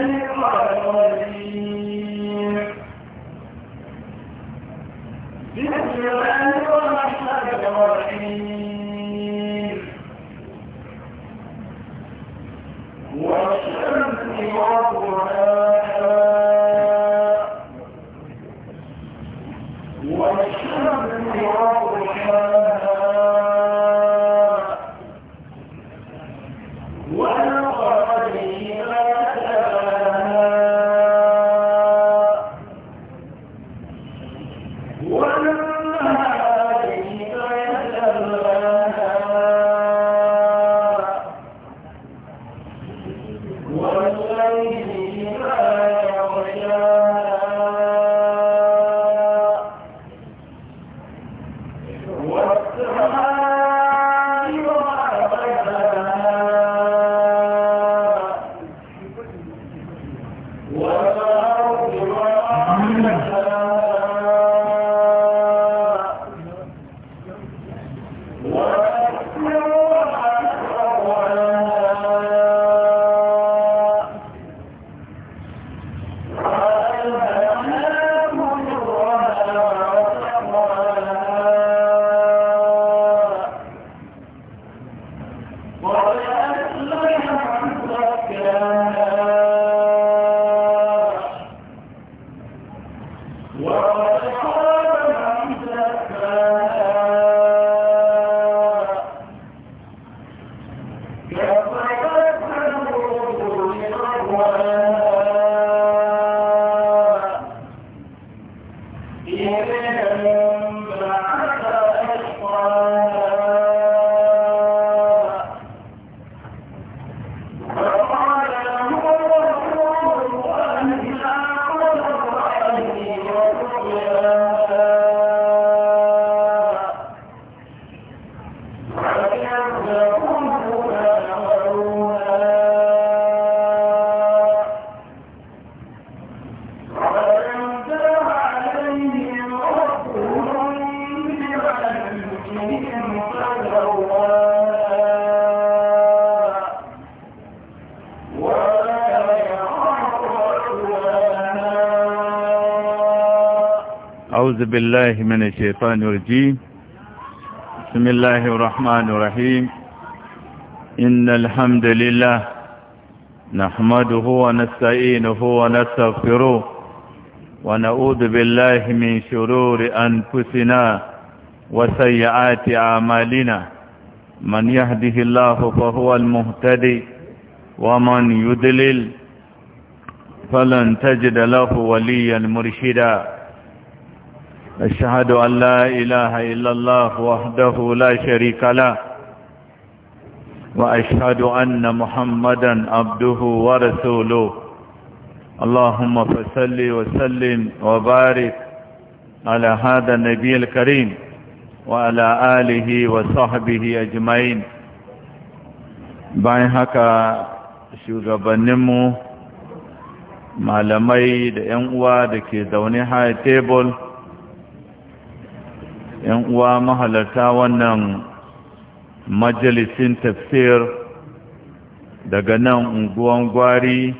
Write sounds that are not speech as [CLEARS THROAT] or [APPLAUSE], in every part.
الشيطان الرجيم أعوذ بالله من الشيطان الرجيم بسم الله الرحمن الرحيم إن الحمد لله نحمده ونستعينه ونستغفره ونعوذ بالله من شرور أنفسنا وسيئات أعمالنا من يهده الله فهو المهتدي ومن يدلل فلن تجد له وليا مرشدا أشهد أن لا إله إلا الله وحده لا شريك له وأشهد أن محمدا عبده ورسوله اللهم فصل وسلم وبارك على هذا النبي الكريم وعلى آله وصحبه أجمعين bayan haka shugabanninmu malamai da 'yan uwa da ke zaune high table yan uwa mahalarta wannan majalisin tafsir daga nan unguwan gwari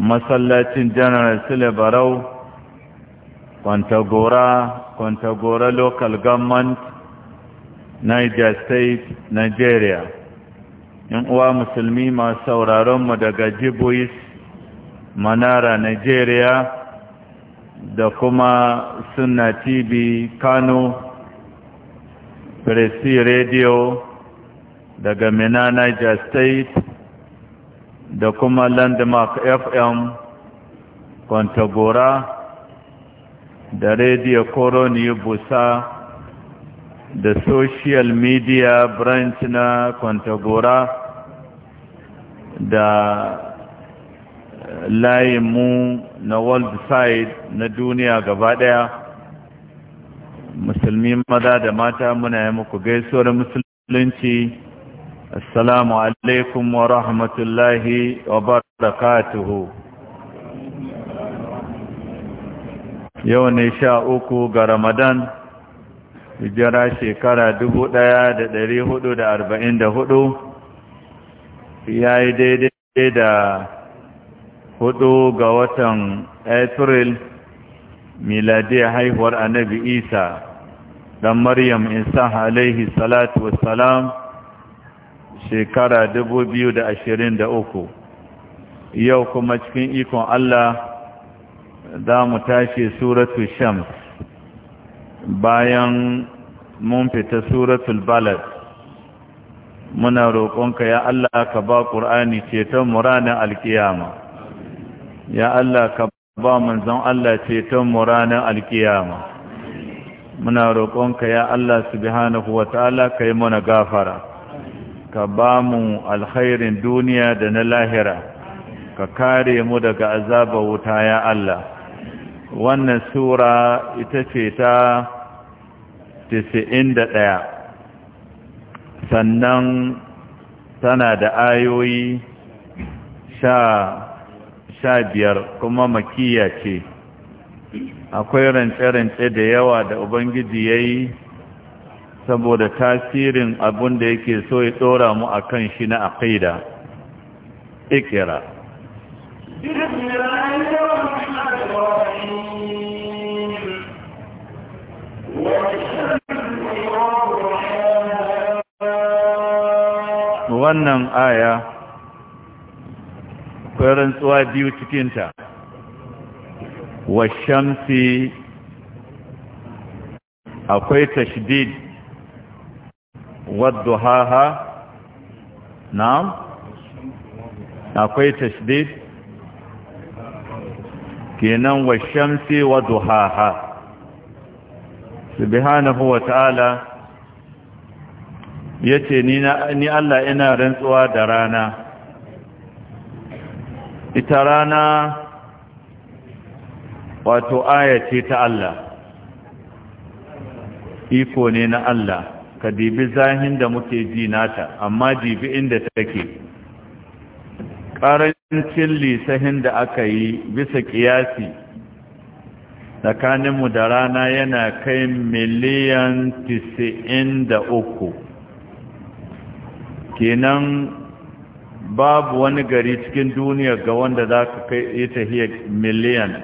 masallacin Janaral sule barau kwantagora kwantagora local government niger state nigeria yan uwa musulmi masu sauraronmu daga jibuis manara nigeria da kuma suna tv kano presi radio daga mina niger state da kuma landmark fm kwantagora da radio koroni busa da social media branch na kwantagora da layin mu na world side na duniya gaba daya musulmi maza da mata muna yi muku gaisuwar musulunci assalamu alaikum wa rahmatullahi wa barakatuhu yau ne sha uku ga ramadan hijira shekara dubu ɗaya da hudu da arba'in da hudu, ya yi daidai da hudu ga watan april miladiyar haihuwar annabi isa dan maryam isa alaihi salatu wassalam shekara uku, yau kuma cikin ikon Allah za mu tashi suratu shams bayan mun fita suratul balad muna roƙonka ya Allah ka ba ƙur'ani ceton muranin alkiyama ya Allah ka ba manzon Allah ceton mu ranar alkiyama muna roƙonka ya Allah subhanahu wata'ala ka yi mana gafara ka ba mu alkhairin duniya da na lahira ka kare mu daga azabar wuta ya Allah wannan sura ita ce ta 91 sannan tana da ayoyi sha sha biyar kuma makiya ce akwai rance-rance da yawa da ubangiji ya yi saboda tasirin abin da yake so ya tsora mu a kan shi na akaida ikira wannan aya akwai rantsuwa biyu cikinta wa shamsi akwai tashdid wadda haha na'am akwai tashdid kenan wa shamsi wadda haha subhanahu wa ta'ala ya ce ni Allah ina rantsuwa da rana ita rana wato aya ce ta Allah iko ne na Allah ka dibi zahin da muke ji nata amma dibi inda take ƙarancin lisahin da aka yi bisa ƙiyasi tsakaninmu da rana yana kai miliyan 93 kenan babu wani gari cikin duniya ga wanda za ka kai ita hiyar miliyan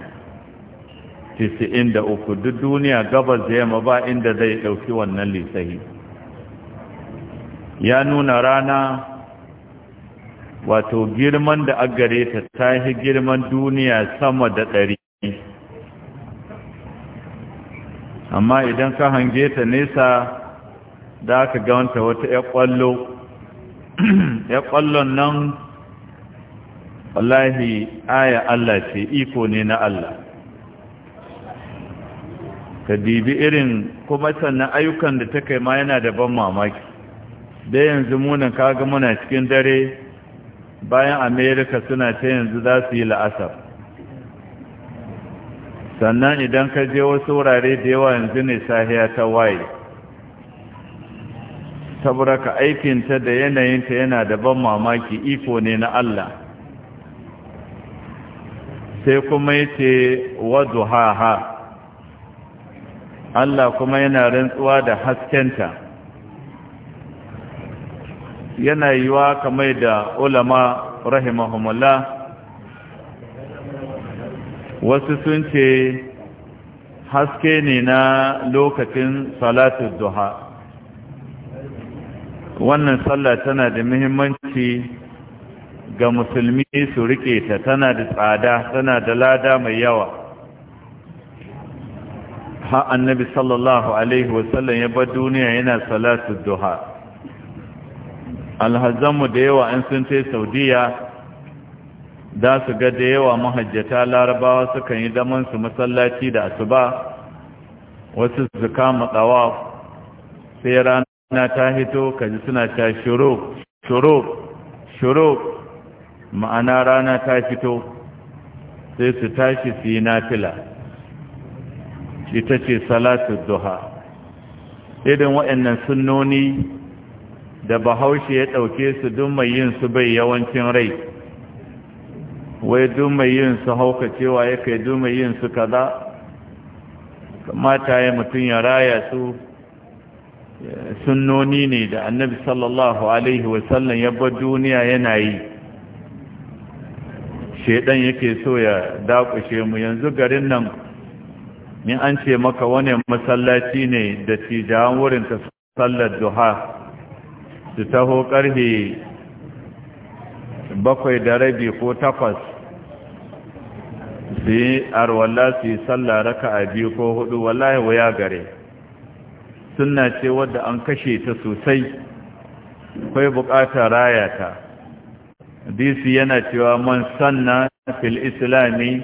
93 duk duniya gabas da ba inda zai ɗauki wannan lisai ya nuna rana wato girman da agare ta yi girman duniya sama da ɗari amma idan ka hange ta nesa za ka ga wata 'ya ƙwallo [CLEARS THROAT] ya ƙwallon nan wallahi aya Allah ce iko ne na Allah ka dibi irin kuma sannan ayyukan da ta kai ma yana da ban mamaki da yanzu munan kaga muna cikin dare bayan amerika suna ta yanzu za su yi la'asar sannan idan ka je wasu wurare da yawa yanzu ne sahiya ta waye saboda aikinta da yanayinta yana da ban mamaki iko ne na Allah sai kuma yace wadduhaha Allah kuma yana rantsuwa da haskenta yana yiwa kamar da ulama rahimahumullah wasu sun ce haske ne na lokacin salatu duha wannan sallah tana da muhimmanci ga musulmi su rike ta tana da tsada tana da lada mai yawa ha annabi sallallahu alaihi wasallam ya bar duniya yana salatu duha alhazanmu da yawa an sun ce saudiya za su ga da yawa mahajjata larabawa sukan yi su masallaci da asuba wasu su kama tsawa sai rana. na ta hito kaji suna ta shiro, shiro, shiro, ma'ana rana ta fito sai su tashi su yi nafila ita ce salatu duha irin waɗannan sunnoni da bahaushe ya ɗauke su duk mai yin su bai yawancin rai wai duk mai yin su hauka cewa ya kai duk mai yin su kaza kamata ya mutum ya raya su sunnoni ne da annabi sallallahu alaihi wasallam ya bar duniya yana yi shaidan yake so ya dakushe mu yanzu garin nan Ni an ce maka wani masallaci ne da tijawan wurin ta sallar duha su taho karfe bakwai da rabi ko takwas su yi arwallah su yi sallar raka a biyu ko hudu wallahi waya gare sunna ce wadda an kashe ta sosai akwai bukata raya ta hadisi yana cewa man sanna fil islami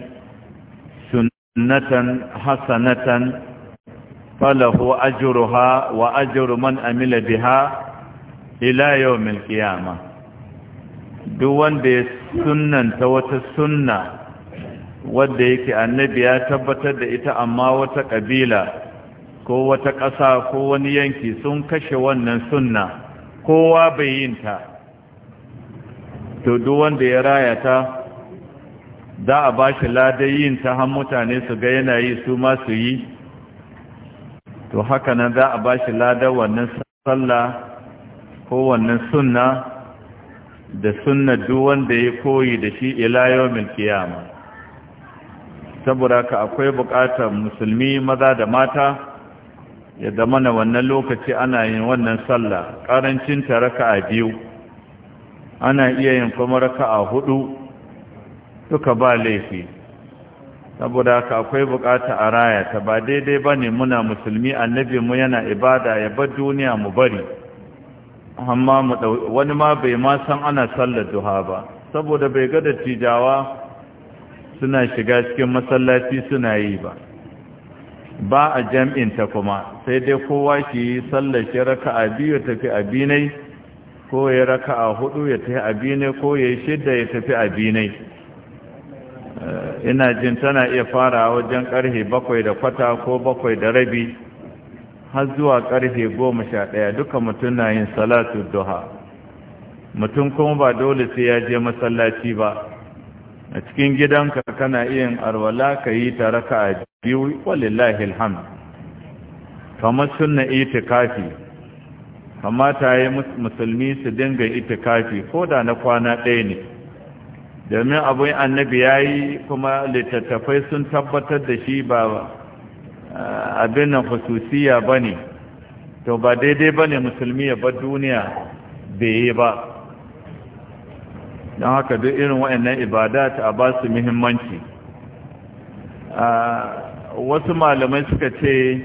sunnatan hasanatan falahu ajruha wa ajru man amila biha ila yawmil duk wanda ya sunnanta wata sunna wadda yake annabi ya tabbatar da ita amma wata kabila ko wata ƙasa ko wani yanki sun kashe wannan sunna kowa bai yin ta to duk wanda ya raya ta za a ba shi ladayin ta har mutane su ga yanayi su ma su yi to haka nan za a ba shi ladar wannan sallah ko wannan sunna da sunna duk wanda ya koyi da shi ila yawmin kiyama saboda ka akwai bukatar musulmi maza da mata ya da mana wannan lokaci ana yin wannan sallah ƙarancin taraka a biyu ana iya yin kuma a hudu Suka ba laifi saboda haka akwai bukata a raya ta ba daidai ba ne muna musulmi annabi mu yana ibada ya bar duniya mu bari amma mu wani ma bai ma san ana sallar duha ba saboda bai ga dattijawa suna shiga cikin masallaci suna yi ba ba a ta kuma sai dai kowa ki yi tsallake raka'a a biyu tafi abinai ko ya raka hudu ya tafi abinai ko ya yi shidda ya tafi abinai eh, ina jin tana iya fara wajen karfe bakwai da kwata ko bakwai da rabi har zuwa karfe goma sha ɗaya duka mutum na yin salatu duha mutum kuma ba dole sai ya je masallaci ba a cikin gidanka kana iya arwala ka yi ta raka'a a biyu walillahi alhamd kamar sunna itikafi kamata yi musulmi su dinga itikafi ko da na kwana ɗaya ne domin abin annabi ya yi kuma littattafai sun tabbatar da shi ba eh, abin na hususiya ba ne to ba daidai ba ne musulmi ya bar duniya bai yi ba don haka duk irin waɗannan ibada ta ba su muhimmanci ah, wasu malamai suka ce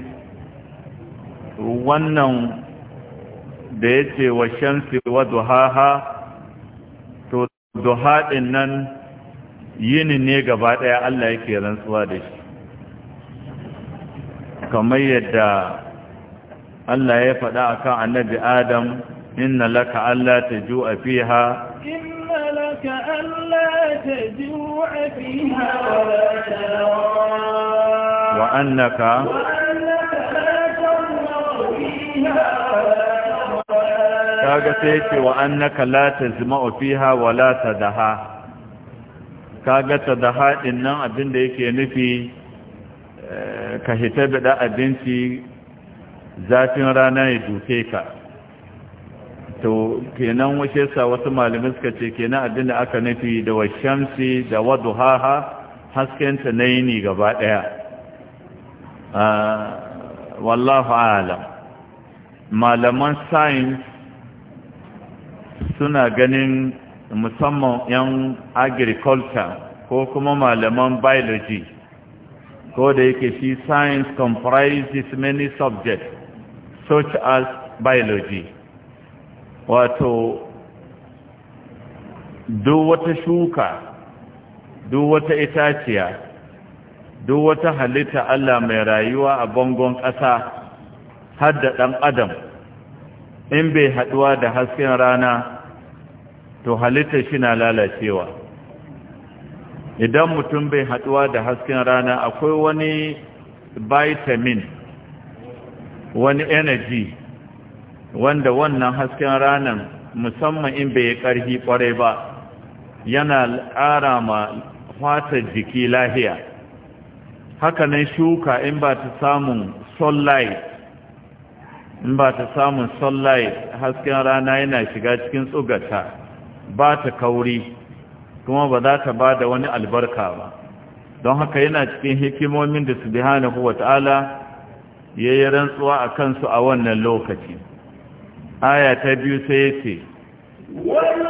wannan da ya ce wa shamsi wa duhaha to duhaɗin nan yini ne gaba ɗaya Allah yake rantsuwa da shi kamar yadda Allah ya faɗa akan annabi Adam inna laka alla tajua fiha inna laka alla tajua fiha wa la وأنك kaga وأنك لا تزمع فيها ولا تدها كاغت wa إننا أبن kaga ينفي كهتب دا abin da yake nufi ka hita abinci zafin rana duke ka to kenan wace sa wasu malamai suka ce kenan abin aka nufi da washamsi da waduhaha haskenta na yini gaba daya Ah, wallahu alam malaman science suna ganin musamman 'yan agriculture ko kuma malaman biology ko da yake shi science comprises many subjects such as biology wato duk wata shuka duk wata itaciya duk wata halitta Allah mai rayuwa a bangon ƙasa har da ɗan adam in bai haɗuwa da hasken rana to halitta shi na lalacewa idan mutum bai haɗuwa da hasken rana akwai wani vitamin wani energy wanda wannan hasken ranar musamman in bai ƙarfi ƙwarai ba yana ƙara ma fata jiki lahiya Haka nan shuka in ba ta samun sunlight in ba ta samun sunlight hasken rana yana shiga cikin tsugata ba ta kauri kuma ba za ta ba da wani albarka ba don haka yana cikin hikimomin da su bihanahu wata'ala ya yi rantsuwa a kansu a wannan lokaci aya ta biyu sai ya ce wani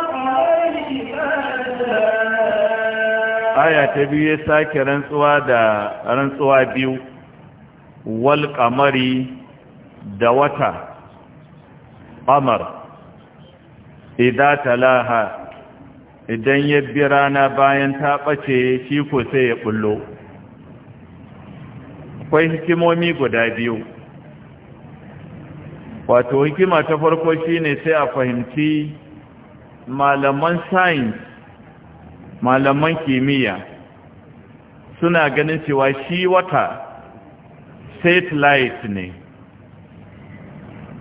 aya ta biyu ya sake rantsuwa da rantsuwa biyu wal kamari da wata amar idza talaha idan ya bi rana bayan ta ɓace shi ko sai ya ɓullo. akwai hikimomi guda biyu wato hikima ta farko ne sai a fahimci malaman science malaman kimiyya suna ganin cewa shi wata satellite ne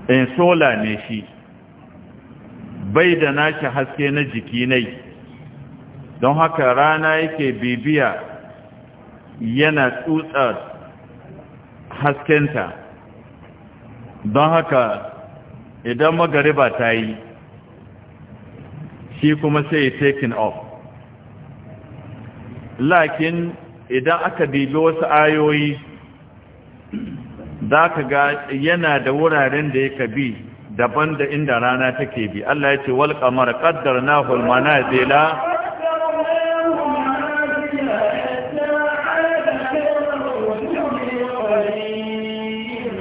in solar ne shi bai da nashi haske na jiki nai don haka rana yake bibiya yana tsutsar haskenta don haka idan magariba ta yi shi kuma sai taking off lakin idan aka dibi wasu ayoyi za ka ga yana da wuraren da ya bi daban da inda rana take bi Allah ya ce wal qamara qaddarnahu al manazila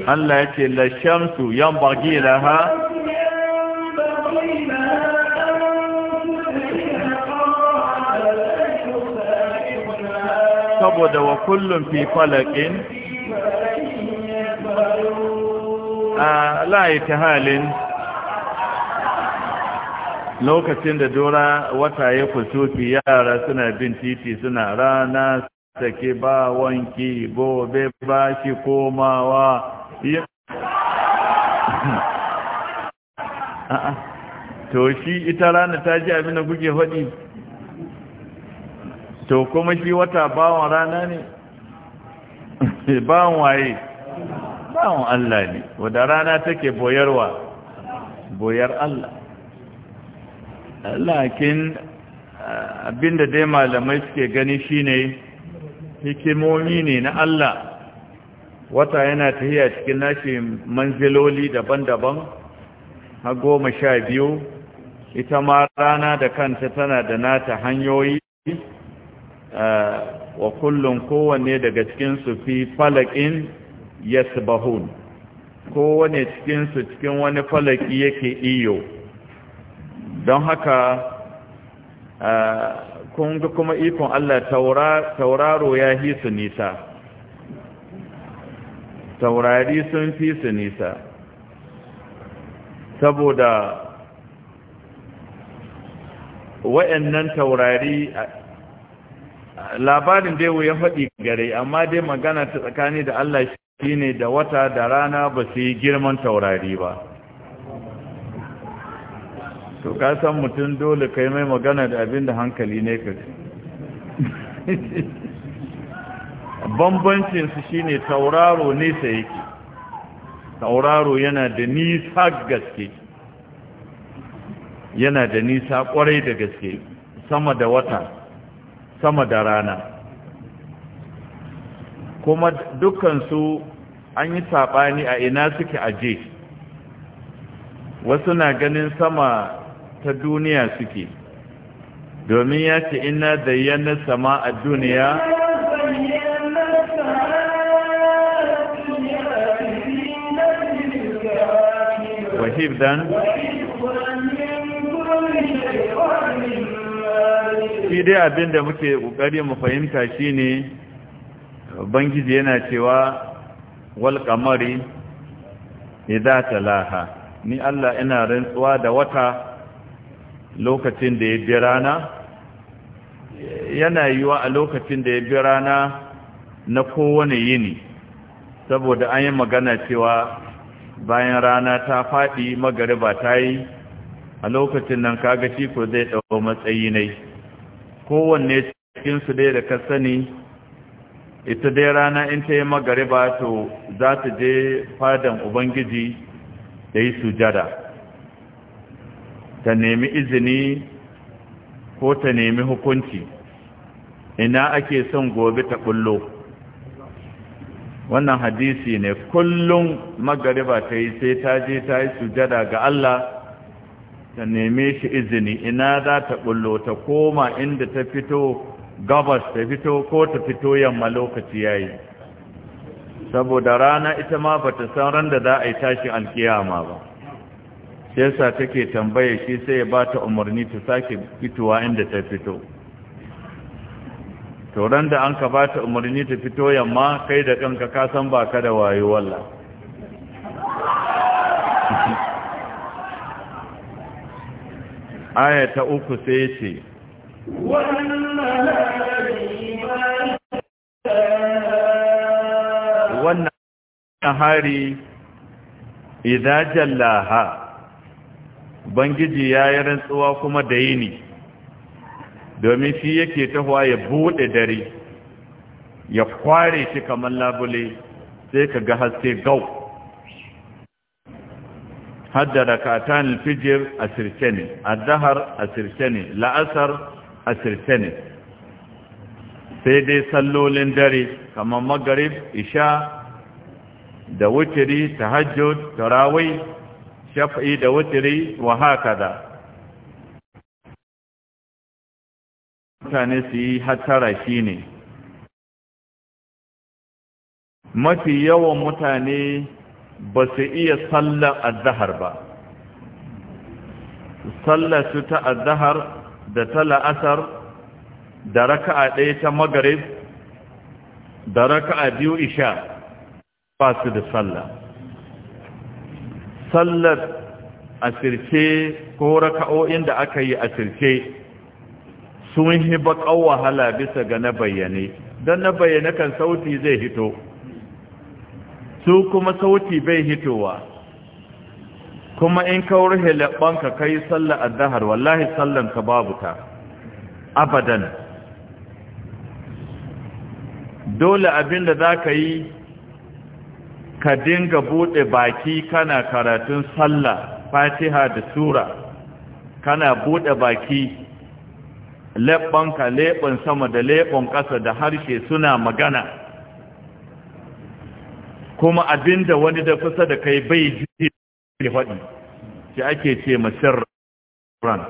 Allah ya ce la shamsu yanbaghi laha saboda wa kullum fi falakin a layi ta halin lokacin da dora wata ya kusufi yara suna bin titi suna rana sake ba wanki gobe ba shi komawa [LAUGHS] to shi ita rana ta ji abin da kuke haɗi to kuma shi wata bawan rana ne [LAUGHS] bawan waye bawan Allah ne wadda rana take boyarwa boyar Allah lakin abinda dai malamai suke gani shine hikimomi ne na Allah wata yana tahiya cikin nashi manziloli daban-daban har goma sha biyu ita ma rana da kanta tana da nata hanyoyi wa kullum kowanne daga cikinsu fi falakin yasbahun kowanne cikinsu cikin wani falaki yake iyo don haka kun ga kuma ikon Allah tauraro ya fi su nisa taurari sun fi su nisa saboda wa'annan taurari labarin dai ya faɗi gare amma dai magana ta tsakani da Allah shi ne da wata da rana ba su yi girman taurari ba to ka mutum dole kai mai magana da abin da hankali ne ka [LAUGHS] bambancinsu shi ne tauraro nesa yake tauraro yana da nisa gaske yana da nisa kwarai da gaske sama da wata sama da rana kuma dukansu an yi saɓani a ina suke aje wasu na ganin sama ta duniya suke domin ya ce ina da yana sama a duniya wahib dan shi dai abin da muke kokari mu fahimta shine bangiji yana cewa wal qamari idza talaha ni Allah ina rantsuwa da wata lokacin da ya bi yana yiwa a lokacin da ya bi rana na kowane yini saboda an yi magana cewa bayan rana ta faɗi magariba ta yi a lokacin nan kaga shi ko zai ɗau matsayi ne kowanne cikinsu dai da ka sani ita dai rana in ta yi magariba to za ta je fadan ubangiji da yi sujada ta nemi izini ko ta nemi hukunci ina ake son gobe ta kullo wannan hadisi ne kullum magariba ta yi sai ta je ta yi sujada ga Allah ta neme shi izini ina za ta bullo ta koma inda ta fito gabas ta fito ko ta fito yamma lokaci yayi saboda rana ita ma bata san ran da za a yi tashin alkiyama ba sai yasa take tambaye shi sai ya bata umarni ta sake fitowa inda ta fito to da an ka bata umarni ta fito yamma kai da kanka ka san ka da wayo wallahi aya ta uku sai ya ce wannan hari idan jallaha bangiji ya yi rantsuwa kuma da yini domin shi yake tahowa ya buɗe dare ya kware shi kamar labule sai ka ga haske gau hadda rakatan alfijir a sirke ne azhar a sirke ne la'asar a sirke ne sai dai sallolin dare kamar magarib isha da wutiri tahajjud tarawih shaf'i da wutiri wa hakada mutane su yi hatara shine mafi yawan mutane ba su iya sallar azahar ba sallar su ta azahar da ta la'asar da raka a ɗaya ta magarib da raka a biyu isha ba su da sallah sallar asirce ko raka'o'in da aka yi asirce sun baƙar wahala bisa ga na bayyane don na bayyane kan sauti zai hito su kuma sauti bai hitowa kuma in ka rufe labbanka ka yi sallar azahar wallahi ka babu ta abadan dole abinda za ka yi ka dinga buɗe baki kana karatun sallah fatiha da sura kana buɗe baki labbanka leɓɓan sama da leɓon ƙasa da harshe suna magana kuma abinda wani da kusa da kai bai ji ne faɗi shi ake ce ran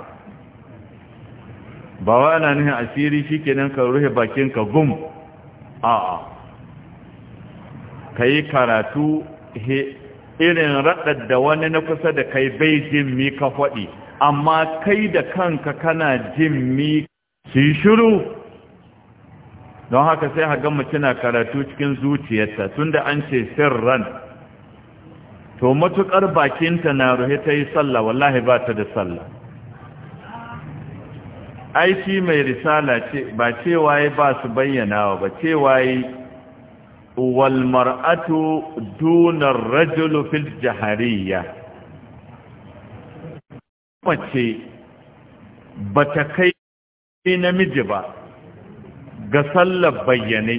ba wa ana nuna asiri shi kenan ka rufe bakinka gum a'a ka yi karatu irin raɗar da wani na kusa da kai bai jin mi ka faɗi amma kai da kanka kana jin mi su yi shiru don haka sai hagan mace na karatu cikin zuciyarta tunda an ce sirran to matukar bakinta na ruhe ta yi sallah wallahi ba ta da sallah Aiki mai risala ce ba cewa waye ba su wa ba cewa yi wal dunar rajulu fil jahariya mace ba ta kai namiji ba ga sallar bayyane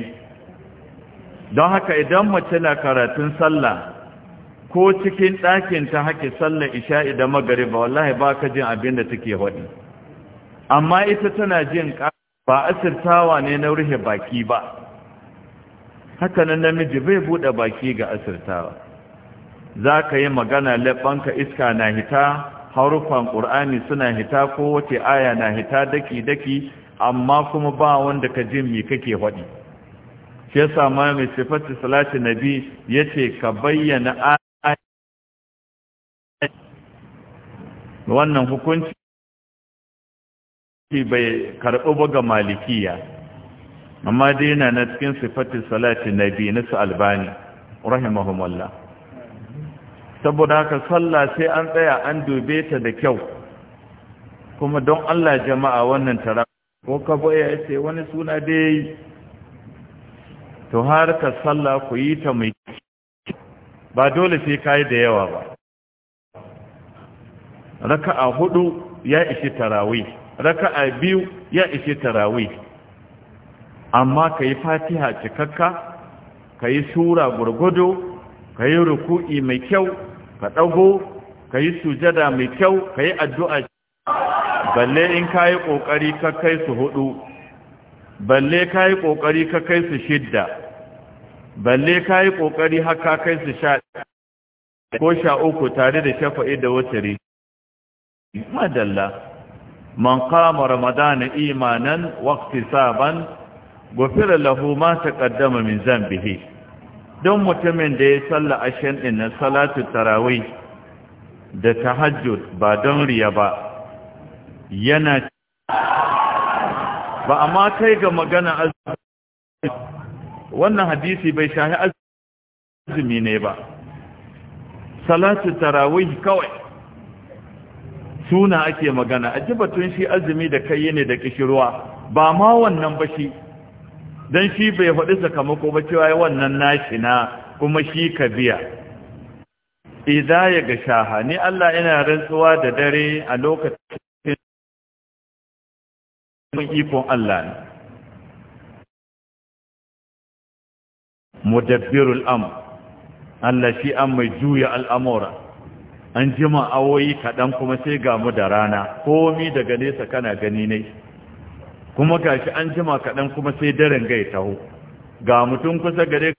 don haka idan mace na karatun sallah ko cikin ɗakin ta hake sallar isha'i da magariba wallahi ba ka jin abin da take waɗi amma ita tana jin ba asirtawa ne na rufe baki ba haka nan namiji bai buɗe baki ga asirtawa za ka yi magana labbanka iska na hita harufan ƙur'ani suna hita ko wace aya na hita daki-daki amma kuma ba wanda ka ji mi kake faɗi shi yasa ma mai sifatu salati nabi yace ka bayyana wannan hukunci bai karɓi ba ga malikiya amma dai yana na cikin sifatu salati nabi na su albani rahimahumullah saboda haka sallah sai an tsaya an dube ta da kyau kuma don Allah jama'a wannan tara ko ka ya ce wani suna dai to har ka sallah ku yi ta mai ba dole sai yi da yawa ba Raka a hudu ya ishe Raka a biyu ya ishi tarawi. amma ka yi fatiha cikakka ka yi sura gurgudu yi ruku'i mai kyau ka ɗago ka yi sujada mai kyau ka yi addu'a balle in ka yi ƙoƙari ka kai su hudu balle ka yi ƙoƙari ka kai su shidda balle ka yi ƙoƙari haka kai su sha ko sha uku tare da shafa'i da wutari madalla man kama ramadana imanan waqtisaban gofira lahu ma taqaddama min zambihi don mutumin da ya salla ashen din na salatu tarawih da tahajjud ba don riya ba yana ba amma kai ga magana azumi wannan hadisi bai shahi azumi ne ba salatu tarawih kawai suna ake magana a jibatun shi azumi da kai ne da kishirwa ba ma wannan ba shi don shi bai faɗi sakamako ba cewa wannan nashi na kuma shi ka biya idza ya ga shaha ni Allah yana rantsuwa da dare a lokacin mun ikon Allah ne mudabbirul am Allah shi an mai juya al'amura an jima awoyi kaɗan kuma sai ga mu da rana komi daga nesa kana gani ne kuma gashi an jima kaɗan kuma sai daren gai taho ga mutum kusa gare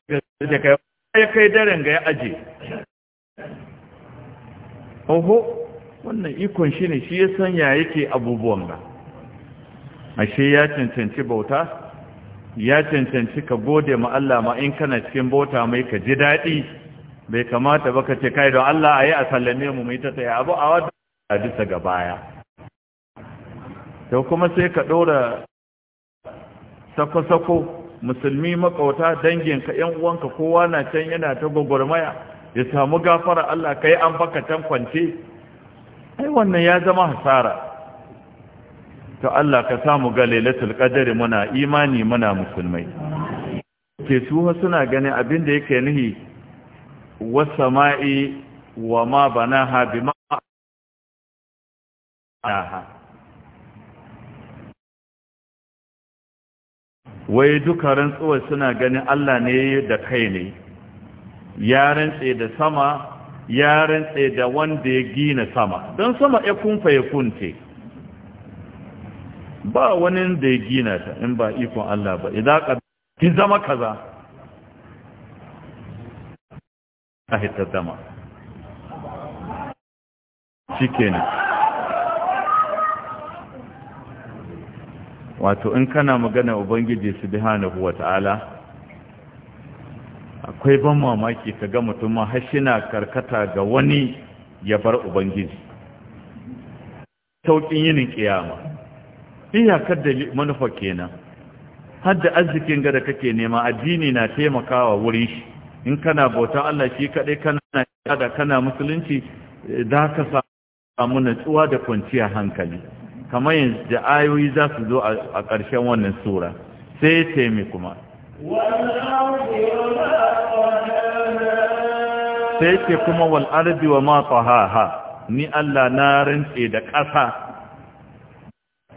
da kai ya kai daren gai aje oho wannan ikon shi ne shi ya sanya yake abubuwan ba ashe ya cancanci bauta ya cancanci ka gode ma Allah ma in kana cikin bauta mai ka ji daɗi bai kamata ba ka ce kai don Allah a yi a sallame mu mai ta tsaye abu a wata a bisa ga baya to kuma sai ka ɗora sako-sako musulmi makauta ka ‘yan uwanka kowa na can yana ta gwagwarmaya ya samu gafara Allah ka yi an baka can kwance ai wannan ya zama hasara to Allah ka samu ga lailatul qadari muna imani muna musulmai ke su suna ganin abin da yake nihi was sama'i wa ma banaha bima wai duka rantsuwar suna ganin Allah ne da kai ne ya rantse da sama ya rantse da wanda ya gina sama don sama ya kunfa ya kunte ba wani da ya gina ta in ba ikon Allah ba idan ka ki zama kaza a hita zama ne wato in kana magana ubangiji su bi huwa ta'ala? akwai ban mamaki ka ga mutum har shina karkata ga wani ya bar ubangiji sauƙin yinin kiyama iyakar da manufa kenan har da arzikin ga kake nema addini na taimakawa wuri. shi in kana bauta Allah shi kaɗai kana da kana musulunci za ka samu natsuwa da kwanciya hankali kamar yanzu da ayoyi za su zo a ƙarshen wannan sura sai taimi kuma sai ce kuma wal'arbi wa ma fahaha ni Allah na rantse da ƙasa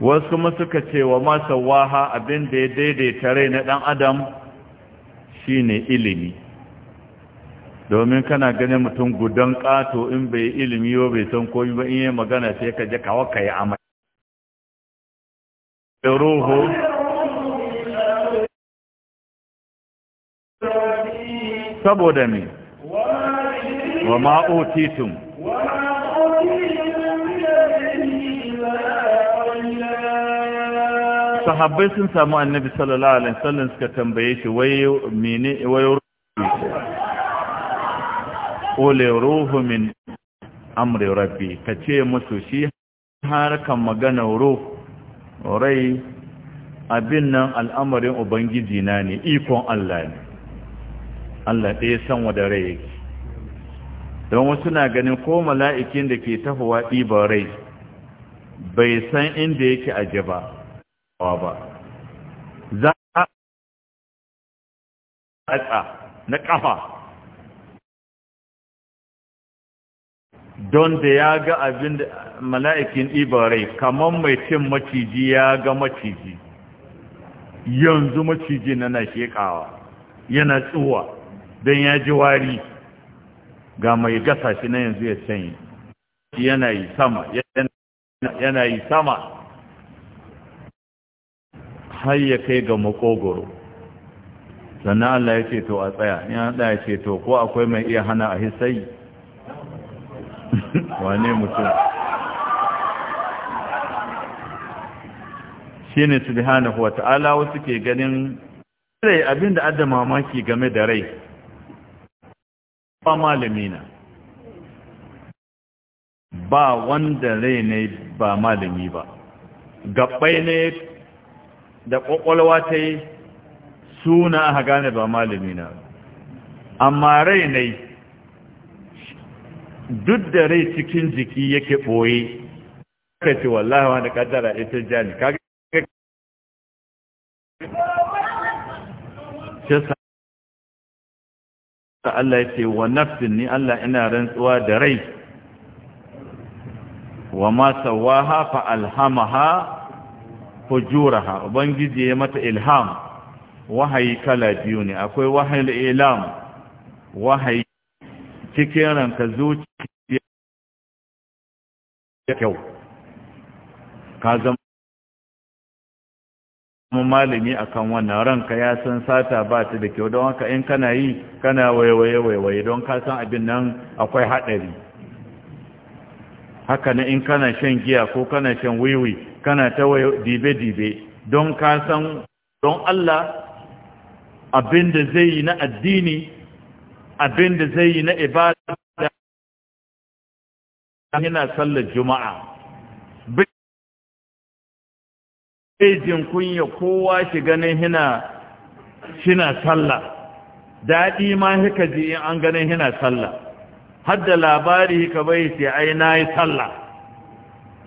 wasu kuma suka ce wa masa waha abin da ya daidaita rai na ɗan adam shine ilimi domin kana ganin mutum gudan ƙato in bai yi ilimi yau bai san koyi ba in yi magana sai ka je kawo ka yi amai ruhu saboda me wa titun sahabbai sun samu annabi sallallahu alaihi wasallam suka tambaye shi waye mene waye ole ruhu min amri rabbi kace musu shi harkan magana ruhu rai abin nan al'amarin ubangiji na ne ikon Allah ne Allah ɗaya san wa da rai yake don wasu na ganin ko mala'ikin da ke tafowa ɗiban rai bai san inda yake aje ba ba za a tsatsa na ƙafa don da ya ga abin da mala'ikin ibarai kamar mai cin maciji ya ga maciji yanzu maciji na shekawa yana tsuwa don ya ji wari ga mai gasa shi na yanzu ya canyi yana yi sama yana yi sama har ya kai ga makogoro sannan Allah ya ce to a tsaya ya Allah ya ce to ko akwai mai iya hana a hisayi [LAUGHS] wane mutum shi ne subhanahu ta'ala wasu ke ganin rai abinda adda mamaki game da rai ba malami ba wanda rai ne ba malami ba gabbai ne da ƙwaƙwalwa ta yi suna aka gane ba malami amma rai ne duk da rai cikin jiki yake ɓoye ka ce wallahi wani ƙaddara ita jani kaga Allah ya ce wa nafsin ni Allah ina rantsuwa da rai wa ma sawaha fa alhamaha fujuraha ubangiji ya mata ilham wahayi kala biyu ne akwai wahayi ilham, wahayi cikin ranka zuciya kyau ka zama malami akan wannan ranka ya san sata ba ta da kyau don haka in kana yi kana waiwaye waiwaye don ka san abin nan akwai haɗari haka na in kana shan giya ko kana shan wiwi kana ta dibe-dibe don kasan don Allah abinda zai yi na addini abinda zai yi na ibada yana sallar juma'a bai jin kunya kowa shi ganin hina shina sallah daɗi ma haka ji in an ganin hina sallah hadda labari ka bai sai ai na yi sallah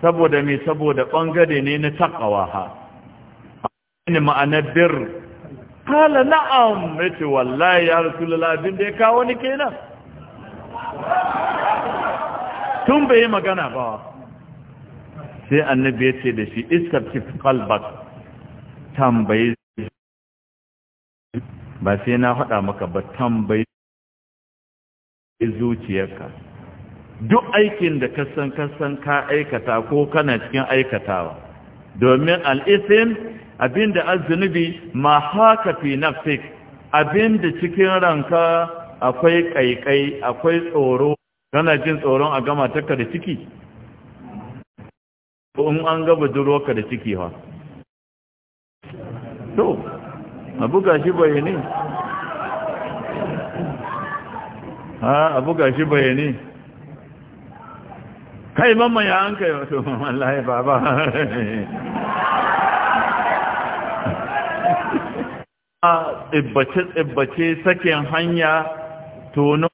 saboda me saboda bangare ne na taƙawa ha ne ma'anar bir kala na'am ce wallahi ya rasu abin da ya kawo ni kenan tun bai magana ba sai annabi ya ce da shi iskar cikin kalbak tambayi ba sai na faɗa maka ba tambayi zuciyarka duk aikin da ka san ka aikata ko kana cikin aikatawa domin al'isin abinda azunubi ma haka fi nafsik abinda cikin ranka akwai kaikai akwai tsoro kana jin tsoron a gama taka da ciki Ko in an ga buduro ka da ciki ha to abu gashi bayani ha abu gashi bayani kai mamma ya an kai wato [LAUGHS] wallahi baba [LAUGHS] a tsibbace-tsibbace sakin hanya tonon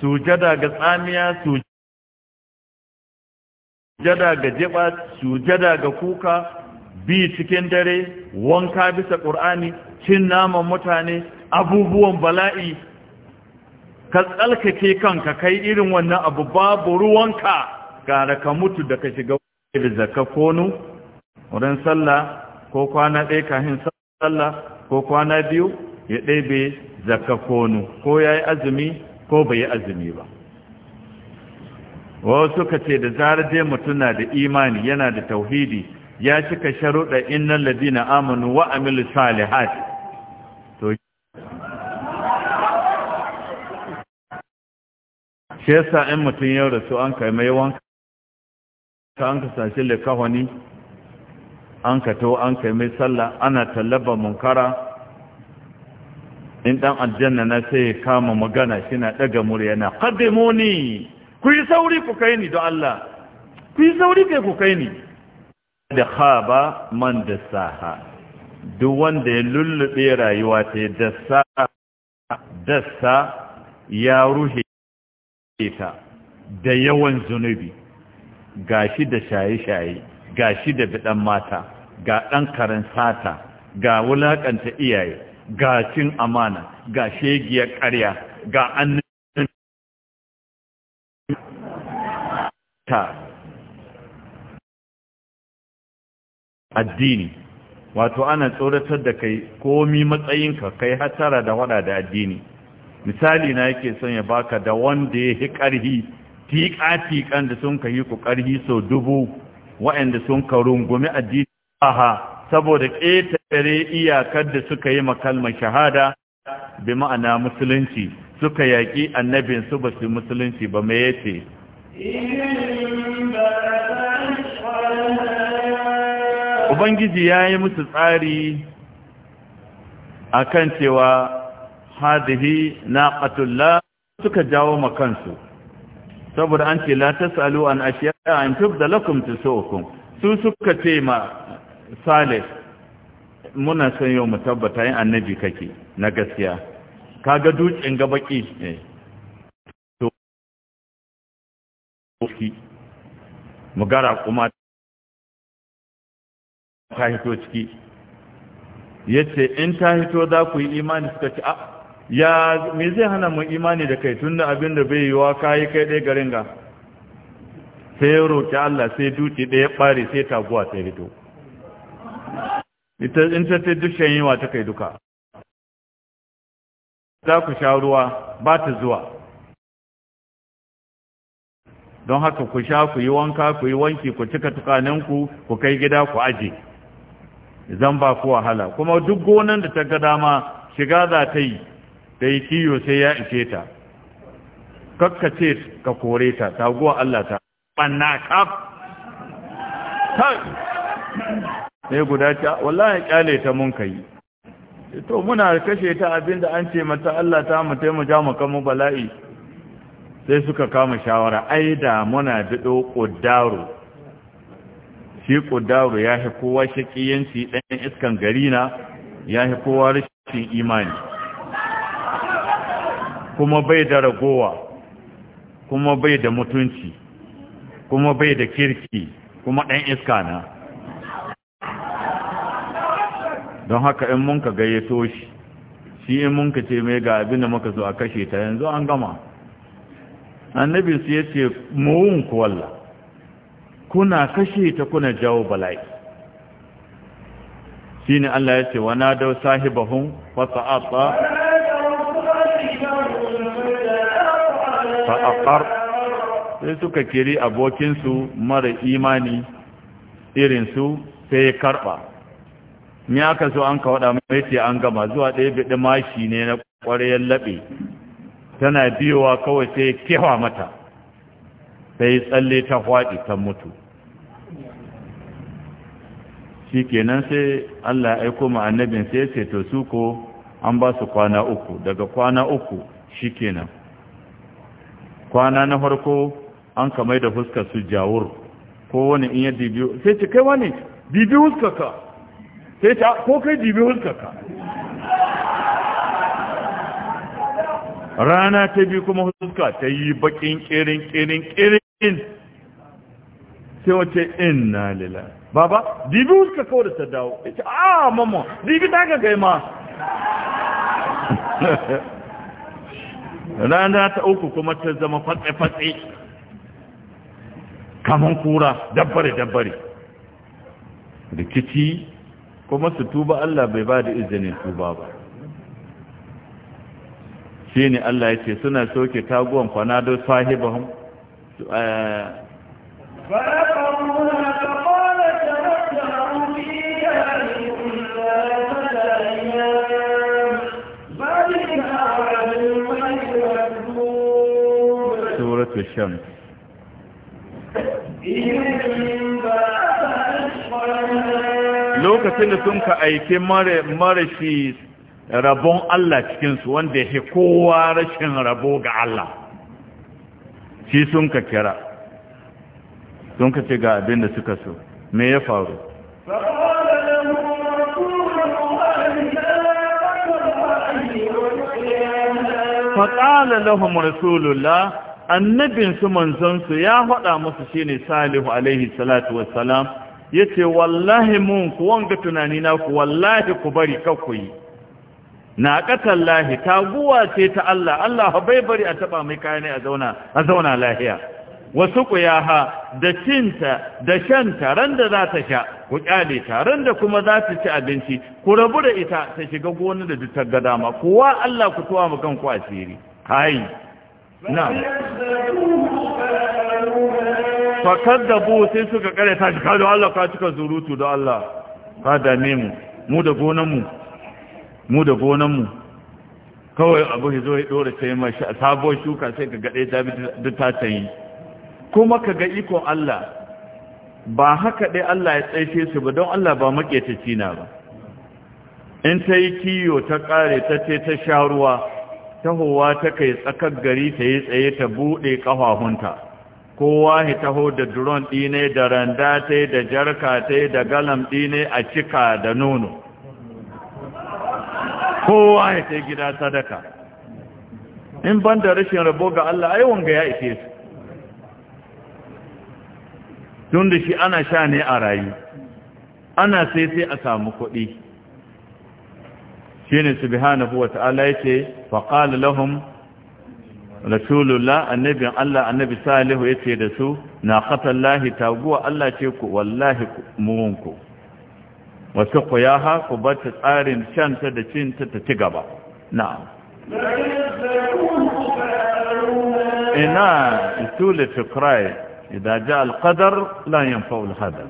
sujada ga tsamiya sujada ga jiba sujada ga kuka bi cikin dare wanka bisa ƙur'ani cin naman mutane abubuwan bala'i ka tsalkake kanka kai irin wannan abu babu ruwanka gara ka mutu da ka shiga wani da zaka konu wurin sallah ko kwana ɗaya kahin sallah ko kwana biyu ya ɗaibe zaka konu ko ya yi azumi ko bai yi azumi ba wasu suka ce da zarar dai mutum na da imani yana da tauhidi ya cika sharuɗa inna ladina amanu wa amilu salihati Ke yasa in mutum ya rasu an kai mai wanka an ka sashi kahoni an ka to an kai mai sallah ana tallaba munkara in dan aljanna na sai kama magana shi na daga murya na qaddimuni ku yi sauri ku kai ni don Allah ku yi sauri kai ku kai ni da khaba man da saha duk wanda ya lullube rayuwa ta dassa dassa ya ruhe ta da yawan zunubi gashi da shaye-shaye gashi da bidan mata ga dan karin sata ga wulakanta iyaye ga cin amana ga shegiyar ƙarya ga annin ta addini wato ana tsoratar da kai komi matsayinka kai hatara da wada da addini misali na yake son ya baka da wanda ya yi ƙarhi tiƙa-tiƙan da sun ka yi ku ƙarhi sau dubu waɗanda sun ka rungumi addini aha saboda ƙetare iyakar da suka yi makalmar shahada bi ma'ana musulunci suka yaƙi annabin su ba su musulunci ba mai yace Ubangiji ya yi musu tsari a kan cewa hadihi naqatullah suka jawo makansu saboda an ce la tasalu an ashiya an tubda lakum tusukum su suka ce ma salih muna son yau mu tabbata yin annabi kake na gaskiya kaga dutsen gabaki ne to mu gara kuma ta hito ciki yace in ta hito za ku yi imani suka ce a ya me zai hana mu imani da kai tunda abin da bai yiwa kai kai dai garin ga sai ya roki Allah sai duti ɗaya bare sai taguwa sai hito ita in ta ta dushen yiwa ta kai duka za ku sha ruwa ba ta zuwa don haka ku sha ku yi wanka ku yi wanki ku cika tukaninku ku kai gida ku aje zan ba ku wahala kuma duk gonan da ta ga dama shiga za ta yi da yi kiyo sai ya ishe ta kakkace ka kore ta taguwa Allah ta banna kaf sai guda ta wallahi kyale ta mun kai to muna kashe ta abinda an ce mata Allah ta mu taimu ja mu kan mu bala'i sai suka kama shawara ai da muna biɗo, kuddaro shi kuddaro ya fi kowa shakiyanci dan iskan gari na ya fi kowa rashin imani kuma bai da ragowa kuma bai da mutunci kuma bai da kirki kuma ɗan iska na don haka in mun ka gayyato shi shi in mun ka ce mai ga abin da muka zo a kashe ta yanzu an gama annabi su ya ce mawun kuwalla kuna kashe ta kuna jawo bala'i shi ne Allah ya ce wana da sahibahun fasaasa akar sai suka kiri abokinsu mara imani irinsu sai ya karɓa ni aka so an kawada mai ce an gama zuwa ɗaya biɗi mashi ne na ƙwariyar laɓe tana biyowa kawai sai kewa mata sai tsalle ta faɗi ta mutu shi kenan sai Allah ya aiko ma'annabin annabin sai ya ce to su ko an ba su kwana uku daga kwana uku shi kenan kwana na farko an mai da fuskar su jawur ko wani in ya dibi sai ce kai wani dibi huskarka sai ce ko kai dibi huskarka rana ta bi kuma huska ta yi bakin kirin kirin kirin sai wace inna lillahi baba dibi huska kawai da ta dawo ita a mamma dibi ta ga gaima [LAUGHS] rana ta uku kuma ta zama fatse-fatse kamar kura dabbare-dabbare rikici kuma su tuba Allah bai ba da izinin tuba ba shi ne Allah ya ce suna soke taguwan kwanadar sahibahun eh, ba suratu lokacin da sun ka aike marashi rabon Allah cikinsu wanda ya kowa rashin rabo ga Allah shi sun ka kira sun ka ce ga abin da suka so me ya faru faƙala lahum rasulullah annabinsu manzonsu ya faɗa musu shi ne salihu alaihi salatu wassalam ya ce wallahi mun ku wanga tunani na ku wallahi ku bari kakuyi na ƙatan lahi taguwa ce ta Allah Allah bai bari a taba mai kayan a zauna a zauna lahiya wasu ku ya ha da cinta da shanta ran da za ta sha ku ƙyale ta ran da kuma za ta ci abinci ku rabu da ita ta shiga gona da duk gadama kowa kuwa Allah ku tuwa mu kan ku asiri kai na'am da buhu sai suka kare ta shi kada Allah ka cika zurutu da Allah ka dame mu mu da gonan mu da gonan kawai abu ya zo ya dora sai ma sabon shuka sai ka gade ta duk ta tayi kuma ka ga ikon Allah ba haka dai Allah ya tsaise su ba don Allah ba maƙetaci na ba in ta yi kiyo ta ƙare ta ce ta sha ruwa tahowa ta kai tsakar gari ta yi tsaye ta buɗe ƙafafunta kowa ya taho da duron ɗine da randa ta da jarka ta da galam ɗine a cika da nono kowa ya ta gida sadaka in ban da rashin rabo ga Allah ai wanga ya ife su tun da shi ana sha ne a rayu ana sai sai a samu kuɗi shine subhanahu wa ta'ala yake fa qala lahum rasulullah annabin Allah annabi salihu yace da su na khatallahi taguwa Allah ce ku wallahi muwunku wasu ku ya haku ba ta tsarin canta da cinta ta ci gaba na'am ina isule to cry idan ja alqadar la yanfa alhadar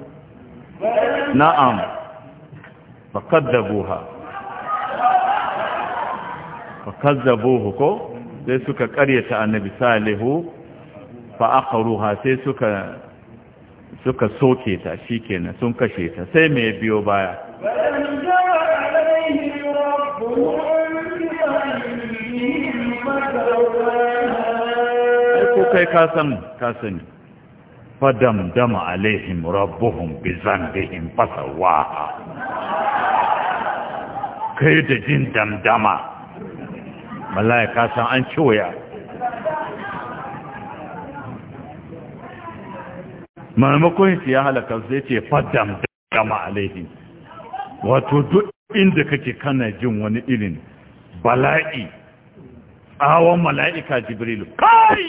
na'am faqaddabuha fa kazzabuhu ko sai suka ƙaryata annabi salihu fa aqruha sai suka suka soke ta shikenan sun kashe ta sai me biyo baya ko kai ka san ka sani fadam dama alaihim rabbuhum bi zambihim fasawaha kai da jin damdama wallahi ka san an ci wuya maimakon shi ya halaka zai ce fadam dama alaihi wato duk inda kake kana jin wani irin bala'i tsawon mala'ika jibrilu kai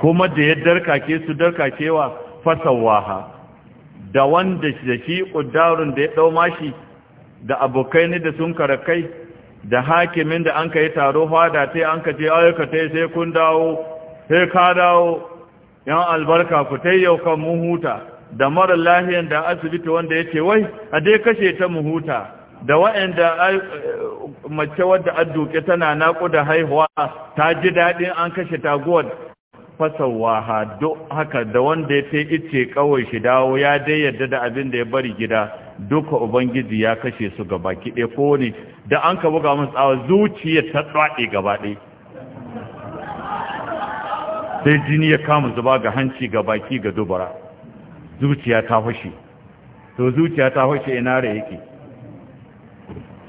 kuma da ya darkake su darkakewa fasawaha da wanda da shi ƙuddarun da ya ɗau shi, da abokai ne da sun karakai da hakimin da an ka yi taro fada ta an ka ce aikata sai kun dawo sai ka dawo yan albarka ku ta yau kan mu huta da mara lahiyar da asibiti wanda ya ce wai a dai kashe ta mu huta da waɗanda mace wadda adduke tana naƙuda haihuwa ta ji daɗin an kashe taguwar fasawaha duk haka da wanda ya fi ice kawai shi dawo ya dai yadda da abin da ya bari gida duka ubangiji ya kashe su gaba kiɗe ko ne da an ka buga musu tsawa zuciya ta tsaɗe gaba ɗaya sai jini ya kama zuba ga hanci ga baki ga dubara zuciya ta fashe to zuciya ta fashe ina da yake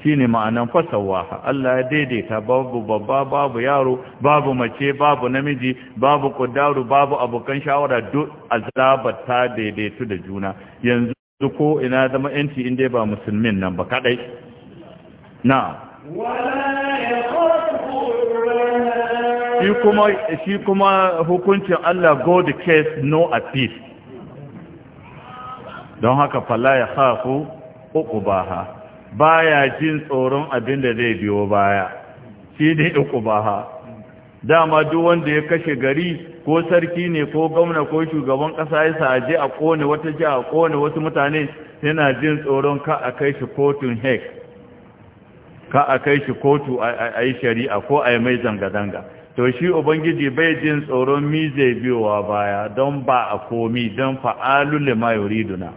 shine ma'anan fasawa. Allah ya daidaita babu babba babu yaro babu mace babu namiji babu kudaru babu abokan shawara duk azabar ta daidaitu da juna yanzu ko ina zama yanci inda ba musulmin nan ba kadai na shi kuma shi kuma hukuncin Allah go the case no appeal don haka fala ya khafu uqubaha baya jin tsoron abin da zai biyo baya shi ne ha dama duk wanda ya kashe gari ko sarki ne ko gwamna ko shugaban kasa ya saje a kone wata jiha a kone wasu mutane yana jin tsoron ka a kai shi kotun hek ka a kai shi kotu a yi shari'a ko a yi mai zanga-zanga to shi ubangiji bai jin tsoron mi zai biyowa baya don ba a komi don fa'alu lima yuriduna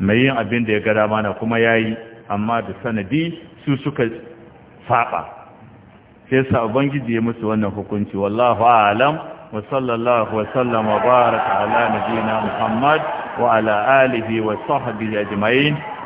mai yin abin da ya gada mana kuma ya yi amma da sanadi su suka saɓa sai sa ubangiji ya musu wannan hukunci wallahu alam wa sallallahu wa sallama baraka ala nabiyina muhammad wa ala alihi wa sahbihi ajma'in